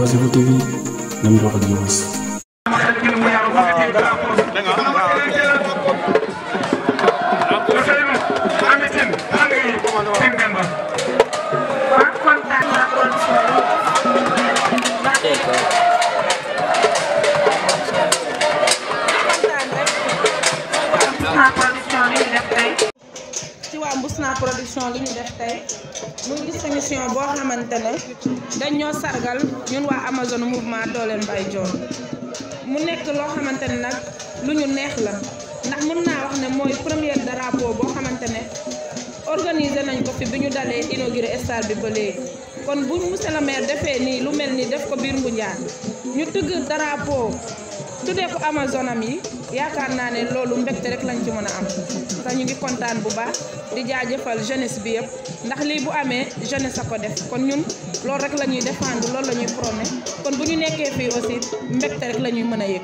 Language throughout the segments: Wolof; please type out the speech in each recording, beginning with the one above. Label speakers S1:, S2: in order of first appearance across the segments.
S1: جواز بتيجي لم يروح يتجوز
S2: gis émission boo xamante ne dañ ñoo sargal ñun waa Amazone mouvement dooleel Mbaye Dior mu nekk loo xamante ne nag lu ñu neex la ndax mën naa wax ne mooy première drapeau boo xamante ne organiser nañ ko fi bi ñu dalee inauguré stade bi ba léegi kon bu monsieur le defee nii lu mel nii def ko biir Ngoundiane ñu tëgg drapeau. tuddee ko Amazon am yi yaakaar naa ne loolu mbégte rek lañ ci mën a am te ñu ngi kontaan bu baax di jaajëfal jeunesse bi yëpp ndax lii bu amee jeunesse a ko def kon ñun loolu rek la ñuy défendre loolu la kon bu ñu nekkee fii aussi mbégte rek la ñuy mën a yëg.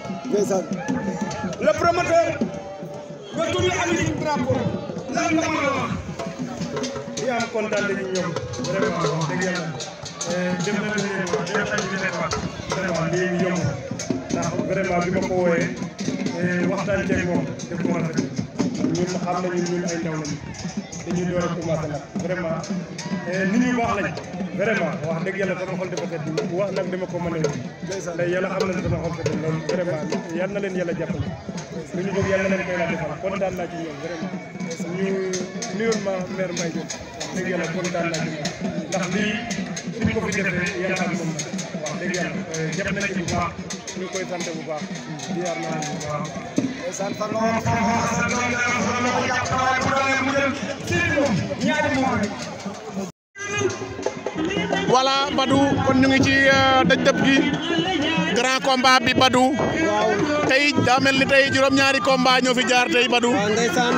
S2: le promoteur ba tudd
S1: Amady di am ndax vraiment bi ma ko wooyee eh, waxtaan ceeg moom def ko rafet ñun xam nañu ñun ay ndaw lañu dañuy door a commencé nag vraiment eh, nit ñu baax lañ vraiment wax dëgg yàlla sama xol dafa sedd wax nag dama ko mën a ndax yàlla xam nañ sama xol na leen yàlla jàppale lu ñu bëgg yal laa defal ma maire Mbaye Diop wax dëgg yàlla kontaan naa ko fi defee yàlla am moom wax dëgg yàlla
S3: eh, jàpp nañ ci bu baax ñu koy sant bu baax diyaar ci daj
S1: euh, dëpp gi grand combat bi Badou tey daa mel ni tey juróom-ñaari combat ñoo fi jaar tey Badou. waaw ndeysaan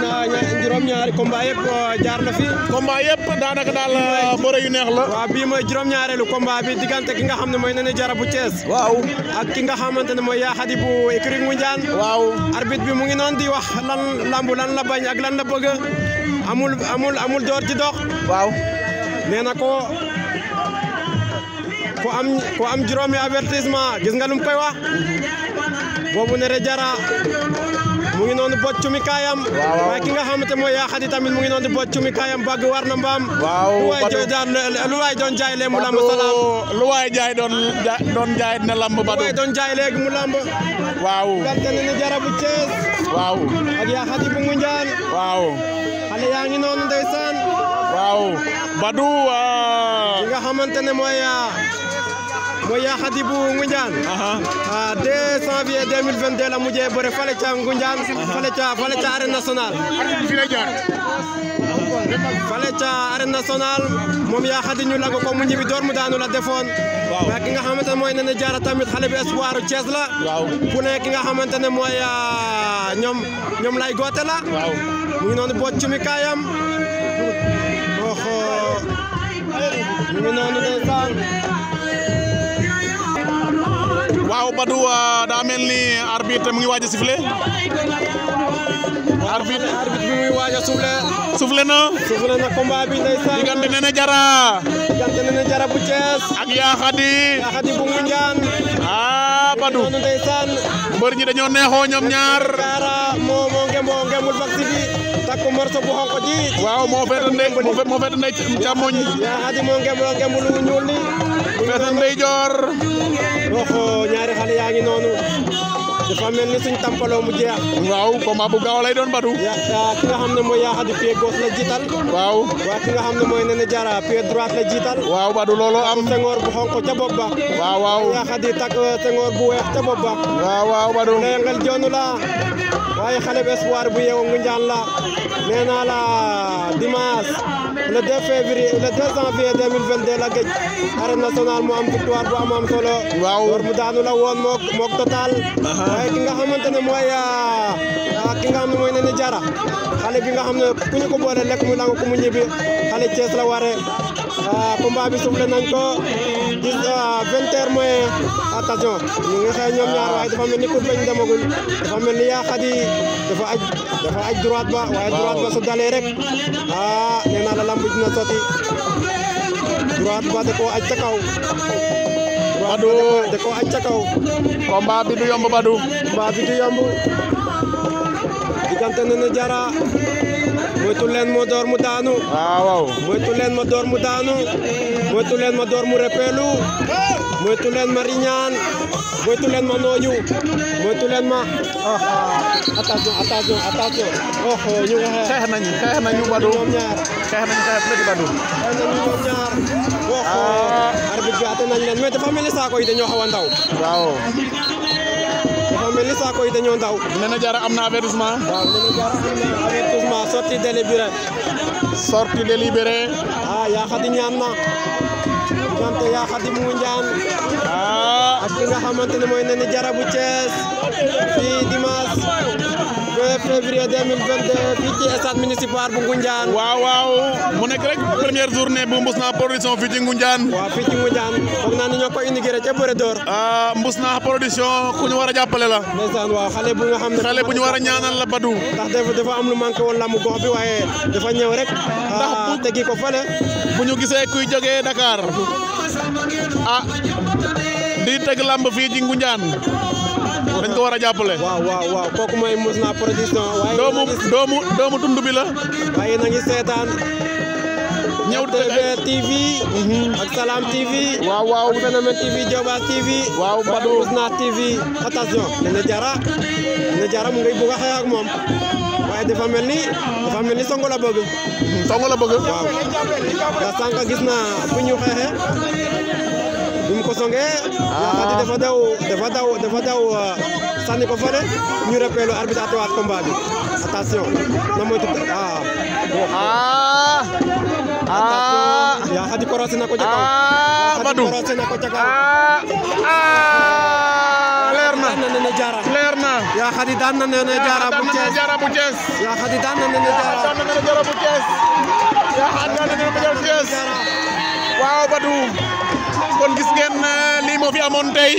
S4: juróom-ñaari combat yëpp euh, jaar na fi. combat yëpp daanaka daal euh, bëre yu neex la. waaw bii mooy juróom-ñaareelu combat bi diggante ki nga xam ne mooy Nene Diarra bu ak ki nga xamante ne mooy Yaa Khady bu écurie Ngoundiane. waaw arbitre bi mu ngi noonu di wax lan lambu lan la bañ ak lan la bëgg amul amul amul door ci dox. waaw nee na ko. am ko am juróomi avertissement gis nga lu mu koy wax boobu nere jara mu ngi noonu boccu cumi kayam waaye ki nga xamante moy ya xadi tamit mu ngi noonu boccu cumi kayam bag war na mbam lu waay jooy daan lu waay doon jaay lee mu lamb salam lu waay jaay don doon jaay na lamb badu lu waay doon jaay léegi mu lamb waaw gante ne jara bu Cees waaw ak ya xadi bu Ngunjaan waaw xale ya ngi noonu ndeysaan waaw badu ki ah. nga xamante moy ya mooy Yaxadi bu Ngunjaan. ah 2 janvier 2022 la mujjee bëre fale ca Ngunjaan. fale ca fale ca arène nationale. fale ca arène nationale moom Yaxadi ñu lago ko mu ñibbi door mu daanu la defoon. waaw mais ki nga xamante ne mooy Nene Diarra tamit xale bi espoir u Thiès la. waaw ku ne ki nga xamante ne mooy ah, ñoom ñoom lay goote la. waaw mu noonu boot kaayam. oxo mu noonu
S1: Badou daa mel ni arbitre mu ngi waaj a sifflé arbitre arbitre bi muy waaj a soufflé na soufflé na combat bi ndeysaan diggante Nene Diarra bu ak bu ah Badou noonu ndeysaan mbër ñi dañoo neexoo ñoom ñaar Diarra moo moo ngemoo ngemul vaccin bi takk morso bu xonq ji waaw moo feete ndey moo feete ndey
S4: ni fetal ndeyjoor roxo ñaari xale yaa ngi noonu dafa mel ni suñ tampaloo mu jeex waaw combat bu gaaw lay doon badu ya ki nga xam ne mooy yaa xadi pied gauche la jiital waaw waa ki nga xam ne mooy nene jara pied droite la jiital waaw badu looloo am sengoor bu xonq ca bopp ba waaw waaw yaa xadi tak euh, sengoor bu weex ca bopp ba waaw waaw badu ndeyangel joonu la waaye xale bu espoir bu yeewoo Ngunjaan la nee la dimanche le 2 février le 2 janvier 2022 la géej arène nationale mu am victoire bu am am solo. waaw war mu daanu la woon mook mook total. waaye ki nga xamante mooy ah, ki nga xam ne mooy Nene Diarra xale bi nga xam ne ku ñu ko boole lekk mu nangu ku mu ñibbi xale Thiès la waree ah, combat bi soufflé nañ ko dix ah, vingt heures mooy attention ngi xëy ñoom ñaar waaye dafa mel ni ku bañ demagul dafa mel ni yaa xadi dafa aj dafa ba waaye droite ba su dalee rek ah naa la lamb dina sotti droite ba da koo aj ca Badu da ko acca kaw combat bi du yomb Badu combat bi du yomb diggante na jara moytu leen ma door mu daanu waaw waaw moytu leen ma door mu daanu moytu leen ma door mu repeelu moytu leen ma riñaan moytu leen ma nooñu moytu leen ma ah, ah. attention attention attention oh, oh ñu nga xeex nañu xeex nañu badu ñoom ñaar xeex nañu xeex métti badu xeex nañu ñoom ñaar oh, oh. Ah. arbitre bi leen mais dafa mel saako yi dañoo xaw a ndaw waaw dafa mel saako yi dañoo ndaw nee na am na avertissement jaara am na avertissement sortie délibérée sortie délibérée ah yaa xadi na diggante yaa Xadim Ngunjaan ah. ak ki nga xamante ne mooy Nene Jara bu Thiès fii dimanche février 2022 fii ci stade municipal bu waaw waaw mu nekk rek première journée bu Mbousnakh production fii ci Ngoundiane. waaw fii ci foog naa ni ñoo ko inauguré ca Bërë Dóor. Ah, Mbousnakh production ku ñu war a jàppale la. ndeysaan waaw xale bu bu ñu war a ñaanal la Badou. ndax dafa dafa am lu manqué woon lamu gox bi waaye dafa ñëw rek. ndax ah, bu ko fële. bu ñu gisee kuy jógee Dakar. ah di teg
S1: lamb fii ci Ngoundiane. dañ ko war a jàppale. waaw waaw waaw kooku mooy Mouzna production.
S4: waaye doomu doomu doomu tund bi la. waaye na ngi seetaan. ñëw TVS TV. Mhm. ak Salam TV. waaw waaw Phénomène TV Diobass TV. waaw Badou Mouzna TV attention. dina jara dina jara mu ngi bugg a xeex ak moom. waaye dafa mel ni dafa mel ni songo la bëgg. songo la bëgg. waaw ndax sànq gis naa bu ñu xeexee. umkosonge yakade dafa daw dafa daw dafa uh, daw sànni ko fële ñu rappelu arbitre atuwaat combat bi attention na ah ah ah ya hadi korose na ko ca ah badu ah, ah. leer na ya hadi daan na nene bu bu ya hadi daan na nene na bu ya hadi daan na nene
S1: bu waaw Badou kon gis ngeen euh, lii fi amoon tey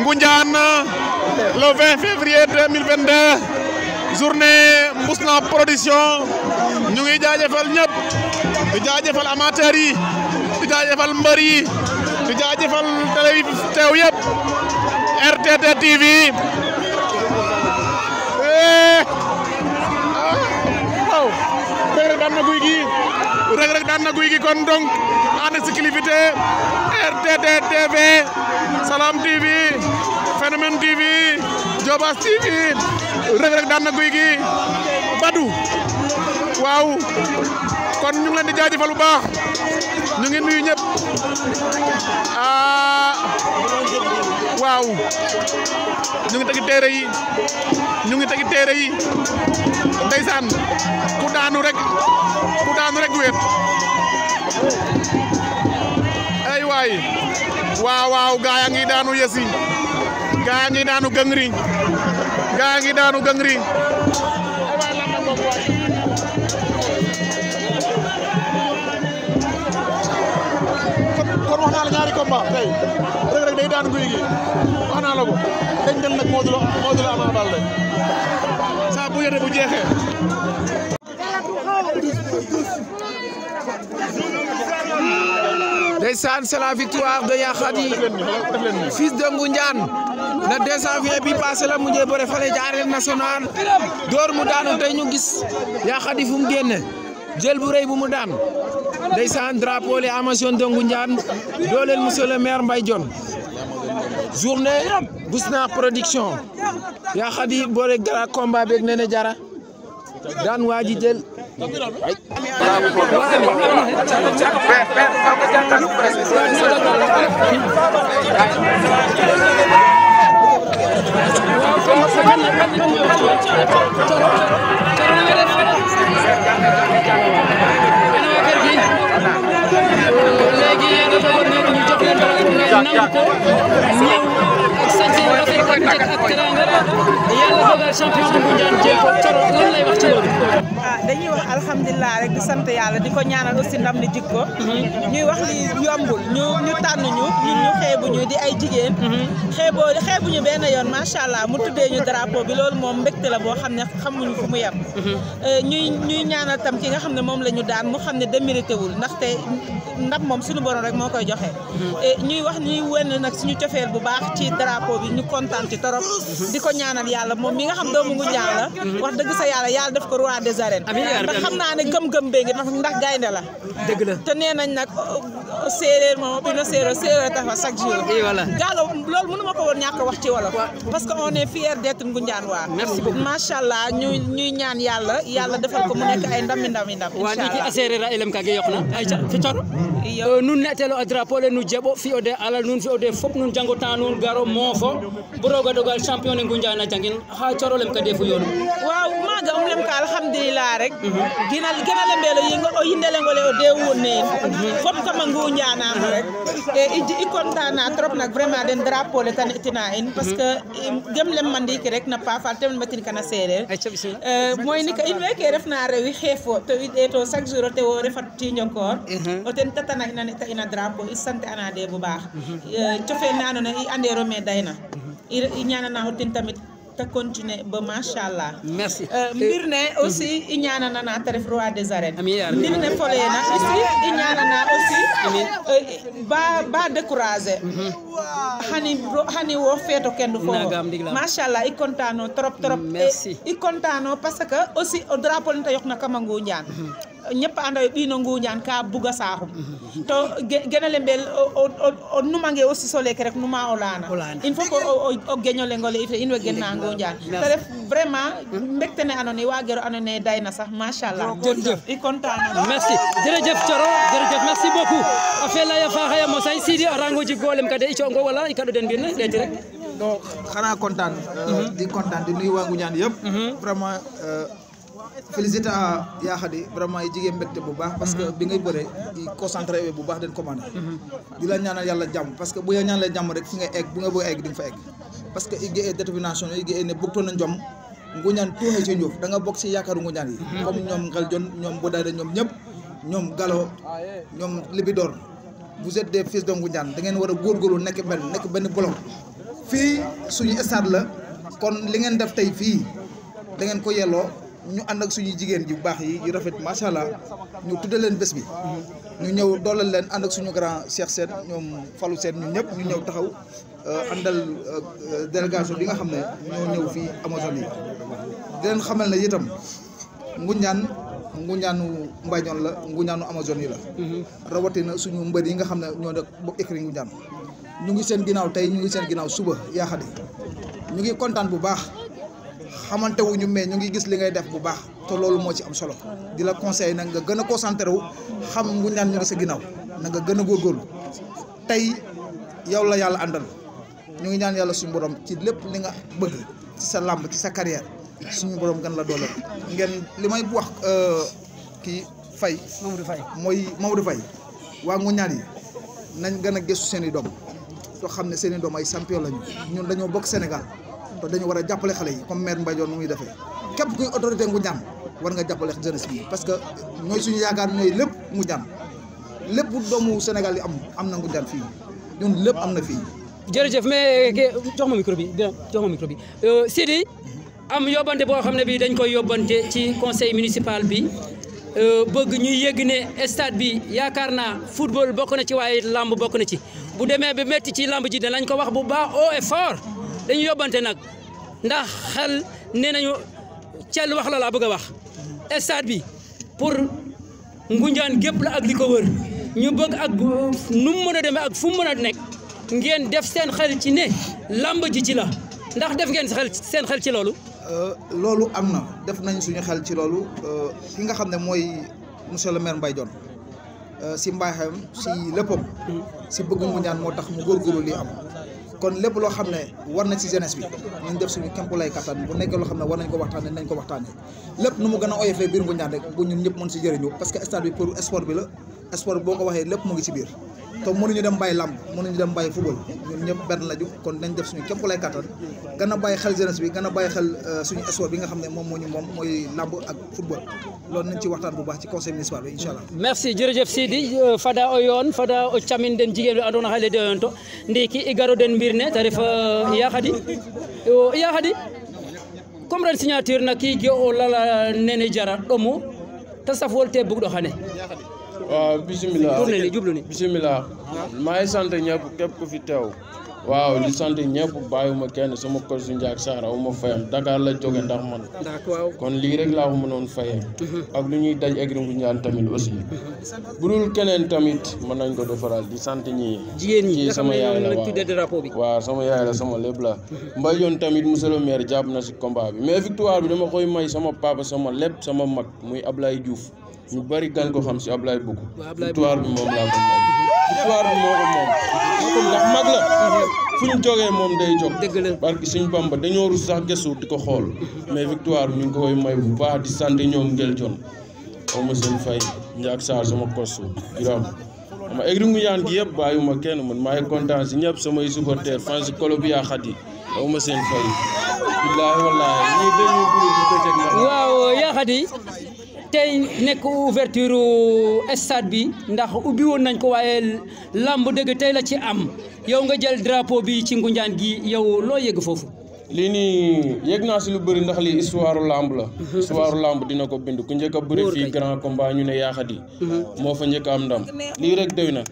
S1: Ngoundiane le 20 février 2022 journée Mbousnakh production ñu ngi jaajëfal ñëpp di jaajëfal amateur yi di teew yëpp RTT TV eh! ah! waaw. Dóor daan na guy gi. Reug Reug daan na Gouye Gui kon donc en exclusivité RTT TV Salam TV Phénomène TV Diobass TV Reug Reug daan na Gouye Gui Badou waaw kon ñu ngi leen di jaajëfal bu baax ñu nuyu ñëpp ah. waaw ñu ngi tegi téere yi ñu ngi tegi téere yi ndeysaan ku daanu rek ku daanu rek wéet ay waay waaw waaw gaa yaa ngi daanu yësi gaa yaa ngi daanu gëngri gaa yaa ngi daanu gëngri combat tey Reug Reug
S5: victoire de Yakhadi fils de Ngoundiane le 2 janvier bi passé la mujjee bëre fale ci arène nationale door mu daanu tey ñu gis Yakhadi fu génne jël bu rëy bu mu daan ndeysaan drapeau les Amazones de Ngoundiane dooleel monsieur le maire Mbaye Dione journée Gousnakh production yaa xam gara combat beeg nee jara daan waa jël.
S6: ñu nangu ko
S2: ñëw njëkk ak teraanga dañuy wax alhamdulilah rek di sant yàlla di ko ñaanal aussi ndam li jikko ñuy wax li yombul ñu ñu tànn ñu ñun ñu xeebuñu di ay jigéen. xeeboo xeebuñu benn yoon macha allah mu tuddee ñu drapeau bi loolu moom mbégte la boo xam ne xamuñu fu mu yem. Eh, ñuy ñuy ñaanal tam ki nga xam ne moom la ñu daan mu xam ne démérité wul ndaxte ndam moom suñu borom rek moo koy joxe. Eh, ñuy wax ñuy wenn nag suñu cofeel bu baax ci drapeau bi ñu kontaan ci torop di ñaanal yàlla moom mi nga xam doomu ngu ñaan wax dëgg sa yàlla yàlla def ko roi des arènes ndax xam naa ne gëm-gëm bee ngi ndax gaynde la dëgg la te nee nañ nag séeréer bi na séeréer séeréer tafa chaque jour gaalo loolu mënu wax ci parce que on est fier d'être ngu ñaan allah ñuy ñuy ñaan yàlla yàlla defal ko mu nekk ay ndam ndam ndam ni ci a yokna ay ci tor nun netelo a le nu jebo fi ode ala nun fi ode fop nun jangotan
S6: nun garo mofo bro roga dogal champion ne Ngoundiane a jangin xa ka defu yoonu
S2: waaw maaga um lem ka alhamdulillah rek mhm. gina gena lembelo yingo o yindelengole o ne in mhm. fop kama Ngoundiane ama rek e i content trop nak vraiment den le tan tina in mhm. parce que gem lem mandiki rek na pafal tem matin kana sereer moy euh, ni ka in weke refna rewi xefo to i ɗeto chaque jour o tewo refat tiñonkor o ten tatana ina ne ta ina drapeau i sante ana de bu baax euh, cofeel na ñaana naa tin tamit te continuer ba macha allah. merci euh, mbir ne aussi i ñaanana naa te roi des arènes. mbir ne folee ah, aussi i ñaanana aussi. Euh, ba ba découragé. xani mhm. xani wo feeto kenn du foofu. macha allah i kontaanoo trop trop. i kontaanoo parce que aussi drapeau ni te yokk na Kamangu Njaan mhm. ñeppa anda ɓino nguñan ka buga sahum to genole mbel o numangue aussi soleke rek numa o laana il faut que o geñole ngole ite inwe we genna nguñan te ref vraiment mbektene anone wagero anone dayna sax machallah jërëjëf i contana merci jërëjëf coro
S6: jërëjëf merci beaucoup a felaya faxaya mo say sidi a rangoji golem kade i congo wala i kaɗo den
S7: mbirne ɗeti rek no xana content euh, mhm. di content di nuy wangu ñaan yëpp mhm. vraiment euh, félicité à ya xadi vraiment yi jigen mbégte bu baax parce que mhm. bi ngay bëre yi concentrer bu baax den commandé mhm. di la ñaanal yalla jam parce que bu ya la jam rek fi nga egg bu nga bëgg egg di nga fa egg parce que igé détermination igé né ne bëgtoon na njom nguñaan tuuxee ci njuuf da nga bokk si yaakaaru nguñaan yi mhm. comme ñom ngal jon bu daara ñom ñep ñom galo ñoom libidoor vous êtes des fils de nguñaan da ngeen wara gor goru nek ben nek ben bolom fi suñu stade la kon li ngeen def tay fi da ngeen ko yello ñu and ak suñu jigen ji bax yi yu rafet macha allah ñu tudde len bes bi ñu ñew dolal len and ak suñu grand Cheikh Sène ñom Fallou Sène ñun ñep ñu ñew taxaw andal euh, euh, délégation bi nga xam ñoo ñew fi Amazone yi di xamal ne itam nguñaan nguñaanu mbañoon la nguñaanu Amazone yi la na suñu mbeur yi nga xam ne ñoo nekk bokk écrit nguñaan ñu ngi seen ginaaw tay ñu ngi seen ginaaw suba ya xadi ñu ngi contane bu baax xamante wuñu mais ñu ngi gis li ngay def bu baax te loolu moo ci am solo di la conseil nag nga gën a concentré wu xam nguñ ñaan ñu ngi sa ginnaaw na nga gën a góorgóorlu tey yow la yàlla àndal ñu ngi ñaan yàlla suñu borom ci lépp li nga bëgg ci sa làmb ci sa carrière suñu borom gën la doole ngeen li may wax euh, kii fay Mamadou Faye mooy Mamadou Faye waa ngu ñaan yi nañ gën a gëstu seen i doom soo xam ne seen i doom ay champion lañu ñun dañoo bokk Sénégal te dañu war a jàppale xale yi comme maire Mbadione nu muy defee képp kuy autorité ngu ñaan war nga jàppale jeunesse bi parce que ñooy suñu yaakaar ñooy lépp ngu ñaan lépp doomu Sénégal yi am am na ngu ñaan fii ñun lépp am na fii. jërëjëf
S6: mais jox ma bi dina jox ma micro bi euh, Sidi am yóbbante boo xam ne bi dañ koy yóbbante ci conseil municipal bi. Euh, bëgg ñuy yëg ne stade bi yaakaar naa football bokk na ci waaye lamb bokk na ci bu demee ba métti ci lamb ji danañ ko wax bu baax haut dañu yobante nak ndax xel nenañu nañu cell wax la la bëgg wax estade bi pour ngunjaan gep la ak liko wër ñu bëgg ak nu mu mën a ak fu mëna nek a ngeen def seen xel ci
S7: ne lamb ji ci la ndax def ngeen xel seen xel ci lolu euh, lolu amna def nañ suñu xel ci loolu euh, ki nga xamne moy monsieur le maire mbay Dione euh, si mbaaxam si leppam si bëgg ñaan mo tax mu gorul li am kon lépp loo xam ne war na ci jeunesse bi nañ def suñu kémp lay kattan bu nekkee loo xam ne war nañ ko waxtaane nañ ko waxtaane lépp nu mu gën a oyofee biir ngu ñaan rek bu ñun ñëpp mën ci jëriñu parce que stade bi pour sport bi la sport boo ko waxee lépp mu ngi ci biir te mënuñu dem bay làmb mënuñu dem bay football ñun ñëpp benn lañu kon dañ def suñu képp lay kattan gëna bay xel jeunesse bi gëna bay xel euh, suñu espoir bi nga xam mom moñu mom moy lamb ak football loolu nañ ci waxtaan bu baax ci conseil municipal bi inshallah
S6: merci jërëjëf Sidi euh, fada o yoon fada o chamine den jigeen bi andoona xale de yonto ndiki igaro den mbirne tarif euh, ya ref Iya Khady Iya comme ren signature na ki ge o la nene jara ɗomu te safoo te bëgg doxane waaw ah,
S5: bisimilah tourné ni jublu ni bisimilah maa fi waaw li sant ñëpp bàyyiwuma kenn sama kër su njaak saara wu ma fayam Dakar la jóge ndax man kon lii rek laa ko mënoon fayam mhm. ak lu ñuy daj egri bu ñaan tamit aussi mhm. bu dul keneen tamit mën nañ ko defaral di sant ñii jigéen ñi sama yaay la waaw sama yaay la sama lépp la mhm. mbay yoon tamit monsieur le maire jàpp na si combat bi mais victoire bi dama koy may sama papa sama lépp sama mag muy Ablaye juuf ñu bari gan ko xam si Ablaye Boukou victoire bi moom laa ko victoire bi moo ko moom ndax mag la fu ñu jógee moom day jóg parce que suñ bamba dañoo rus sax gëstu di ko xool mais victoire bi ñu ngi koy may bu baax di sant ñoom ngel jon moom ma seen fay njaag saar sama kostu juróom ama egri ngu yaan gi yëpp bàyyuma kenn man maay kontaan si ñëpp samay supporter fan si kolo bi yaa xat yi aw ma seen fay billaahi
S6: yaa xat yi tey nekk ouverture stade bi ndax ubbi woon nañ ko waaye làmb dëgg tey la ci am yow nga jël drapeau bi ci Ngoundiane gi yow loo yëg foofu li nii yëg naa si lu bëri ndax lii histoire lamb la
S5: mhm. histoire lamb dina ko bind ku njëkk a bëri fii grand combat ñu ne yaaxat yi mhm. moo fa njëkk am ndam lii rek doy na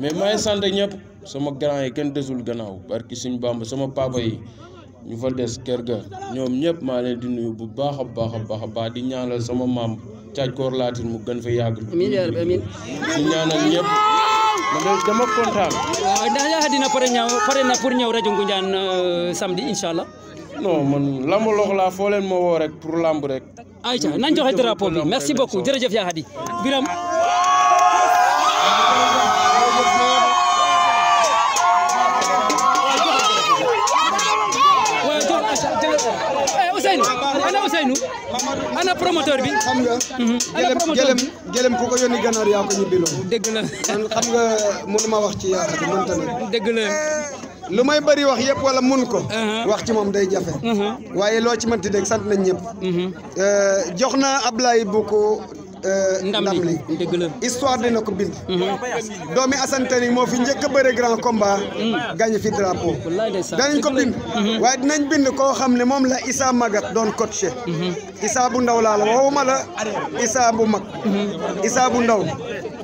S5: mais maay sant ñëpp sama grand yi kenn desul gannaaw barki suñ bamb sama papa yi ñu fa des kër ga ñoom ñëpp maa leen di nuyu bu baax a baax a baax a baax di ñaanal sama maam caaj koor laatin mu gën fa yàgg. di
S6: ñaanal ñëpp.
S5: man de dama kontaan.
S6: waaw ndax dina pare ñaaw pare na pour ñëw rajo Ngoundiane euh, samedi incha allah. non man lamb loxo foo leen ma woo rek pour lamb rek. ayca nañ joxe drapeau bi merci beaucoup jërëjëf yaa Hadi Biram
S3: noonu ana promoteur bi. xam nga gëlëm gëlëm gëlëm ku ko yónni gànnaar yaa ko ñibbiloo. dëgg la man xam nga mënuma wax ci yaa xam mënta na. dëgg la. lu may bëri wax yëpp wala mun ko. wax ci moom day jafe. waaye loo ci mënti dégg sant nañ ñëpp. Mhm. Euh, jox naa Ablaye Bouko Euh, ndam li dëgg la histoire dina ko bind mm-hmm. doomi Assane Tani moo fi njëkk a bëre grand combat mm-hmm. gagné fi drapeau danañ ko bind mm-hmm. waaye dinañ bind koo xam ne moom la Issa Magat doon coaché Issa bu ndaw laa la waxuma la Issa bu mag Issa bu ndaw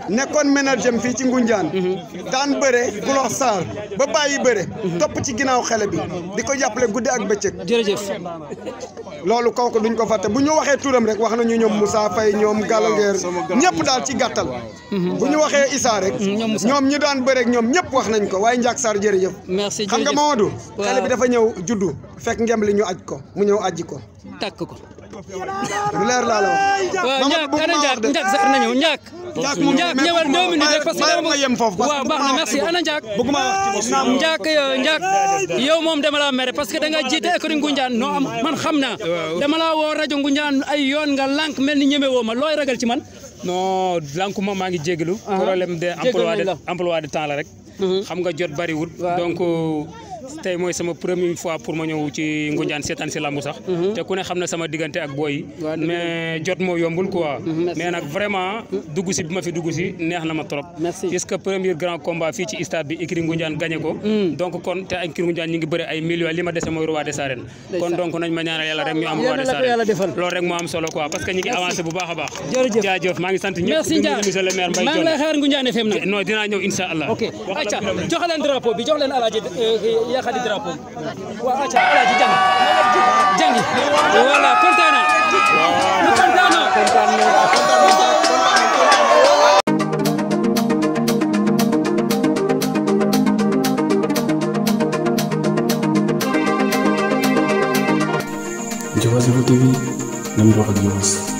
S3: nekkoon ménagem fii ci Ngunjaan mhm. daan bëre gulox saar ba bàyyi bëre mhm. topp ci ginnaaw xele bi di ko jàppale guddi ak bëccëg jërëjëf loolu kooku duñ ko fàtte bu ñu waxee turam rek wax nañu ñoom Moussa Faye ñoom Galangueer ñëpp daal ci gàttal
S6: mhm. bu ñu waxee Issa rek ñoom
S3: ñi daan bëre ak ñoom ñëpp wax nañ ko waaye Ndiak Sarr jërëjëf
S6: merci xam nga Mamadou xele bi
S3: dafa ñëw juddu fekk ngem ñu aj ko mu ñëw aji ko tàkk ko lu leer laa la wax.
S6: Ndiak ana na ñëw Ndiak. Ndiak ñëwal deux minutes rek parce que dama yem foofu waaw baax na merci ana Ndiak. yow moom dama laa mere parce que danga nga jiite écurie Ngoundiane noo am man xam naa. dama laa woo rajo Ngoundiane ay yoon nga lànk mel ni ñeme woo ma looy ragal ci man. non lankuma maa ngi jégalu. Ah. problème de emploi de emploi de temps la rek. Mhm. xam nga jot bariwul donc. tay moy sama première fois pour ma ñew ci Ngoundiane sétane ci lamb sax mhm. té ku ne xamna sama diggante ak boy mais jot mo yombul quoi mhm, mais nak vraiment mhm. duggu ci bima fi duggu ci neex na ma trop puisque premier grand combat fi ci stade bi ikri Ngoundiane gagné ko donc kon té ikri Ngoundiane ñi ngi bëré ay millions li ma dese mooy roi des arènes kon donc nañ ma ñaanal yalla rek ñu am roi des arènes loolu rek mo am solo quoi parce que ñi ngi avancer bu baaxa baax jërëjëf jëf ma ngi sant ñepp merci monsieur le maire mbay Dione ma ngi xaar FM nag non dina ñew inshallah allah ok acha, jox leen drapeau bi jox leen euh, yaa xadi drapeau bi waaw acca alaaji jàng jàngi voilà kontaan na ñu kontaan na kontaan na Jawa Zero TV, Namiro Adios.